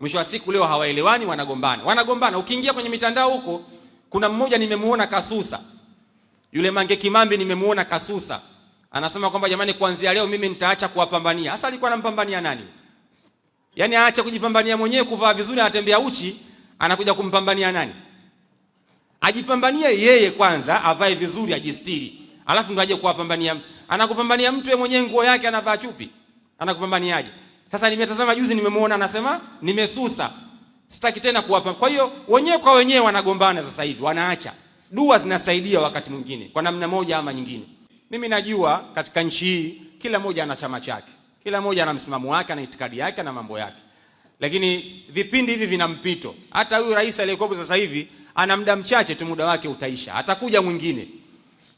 Mwisho wa siku leo hawaelewani, wanagombana, wanagombana. Ukiingia kwenye mitandao huko, kuna mmoja nimemuona kasusa, yule Mange Kimambi nimemuona kasusa, anasema kwamba jamani, kuanzia leo mimi nitaacha kuwapambania. Hasa alikuwa anampambania nani? Yaani aache kujipambania mwenyewe, kuvaa vizuri, anatembea uchi, anakuja kumpambania nani? Ajipambanie yeye kwanza, avae vizuri, ajistiri, alafu ndo aje kuwapambania. Anakupambania mtu yeye mwenyewe, nguo yake anavaa chupi, anakupambaniaje? Sasa nimetazama juzi, nimemuona anasema nimesusa, sitaki tena kuwapa. Kwa hiyo wenyewe kwa wenyewe wanagombana sasa hivi, wanaacha. Dua zinasaidia wakati mwingine kwa namna moja ama nyingine. Mimi najua katika nchi hii kila mmoja ana chama chake, kila mmoja ana msimamo wake, ana itikadi yake na mambo yake, lakini vipindi hivi vina mpito. Hata huyu rais aliyekuwepo sasa hivi ana muda mchache tu, muda wake utaisha, atakuja mwingine.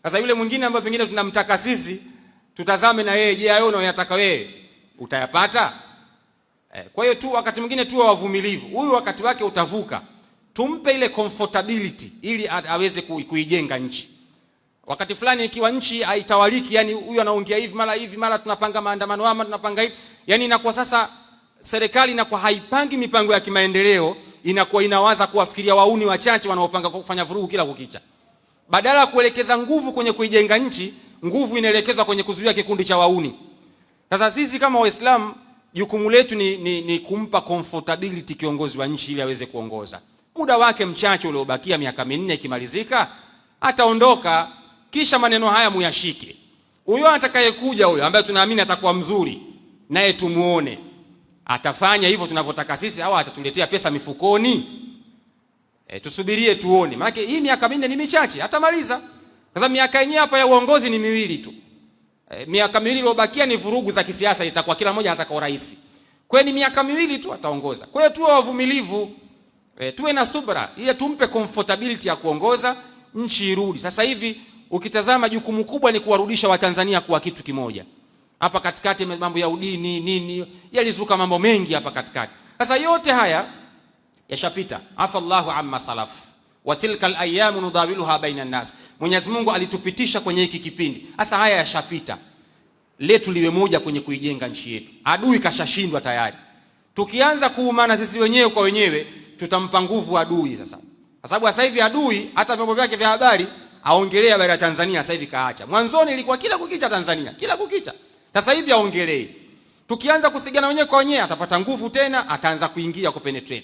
Sasa yule mwingine ambaye pengine tunamtaka sisi tutazame na yeye, je, hayo unayotaka wewe utayapata eh. Kwa hiyo tu wakati mwingine tuwe wavumilivu, huyu wakati wake utavuka, tumpe ile comfortability ili aweze kuijenga nchi. Wakati fulani ikiwa nchi haitawaliki, yani huyu anaongea hivi mara hivi mara, tunapanga maandamano ama tunapanga hivi, yani inakuwa sasa serikali inakuwa haipangi mipango ya kimaendeleo, inakuwa inawaza kuwafikiria wauni wachache wanaopanga kufanya vurugu kila kukicha. Badala ya kuelekeza nguvu kwenye kuijenga nchi, nguvu inaelekezwa kwenye kuzuia kikundi cha wauni. Sasa sisi kama Waislamu jukumu letu ni, ni, ni kumpa comfortability kiongozi wa nchi ili aweze kuongoza. Muda wake mchache uliobakia, miaka minne ikimalizika, ataondoka. Kisha maneno haya muyashike. Huyo atakayekuja huyo ambaye tunaamini atakuwa mzuri, naye tumuone atafanya hivyo tunavyotaka sisi au atatuletea pesa mifukoni? E, tusubirie tuone, maana hii miaka minne ni michache, atamaliza. Sasa miaka yenyewe hapa ya uongozi ni miwili tu. Eh, miaka miwili iliyobakia ni vurugu za kisiasa, itakuwa kila mmoja anataka urais. Kwa ni miaka miwili tu ataongoza. Kwa hiyo tuwe wavumilivu, e, tuwe na subra ile, tumpe comfortability ya kuongoza nchi irudi. Sasa hivi ukitazama jukumu kubwa ni kuwarudisha Watanzania kuwa kitu kimoja. Hapa katikati mambo ya udini nini yalizuka mambo mengi hapa katikati. Sasa yote haya yashapita, afallahu amma salafu wa tilka alayam nudawiluha baina nnas, Mwenyezi Mungu alitupitisha kwenye hiki kipindi. Sasa haya yashapita, letu liwe moja kwenye kuijenga nchi yetu. Adui kashashindwa tayari, tukianza kuumana sisi wenyewe kwa wenyewe tutampa nguvu adui. Sasa kwa sababu sasa hivi adui hata vyombo vyake vya habari aongelea habari ya Tanzania sasa hivi kaacha. Mwanzoni ilikuwa kila kukicha Tanzania, kila kukicha. Sasa hivi aongelee. Tukianza kusigana wenyewe kwa wenyewe atapata nguvu tena, ataanza kuingia kupenetrate.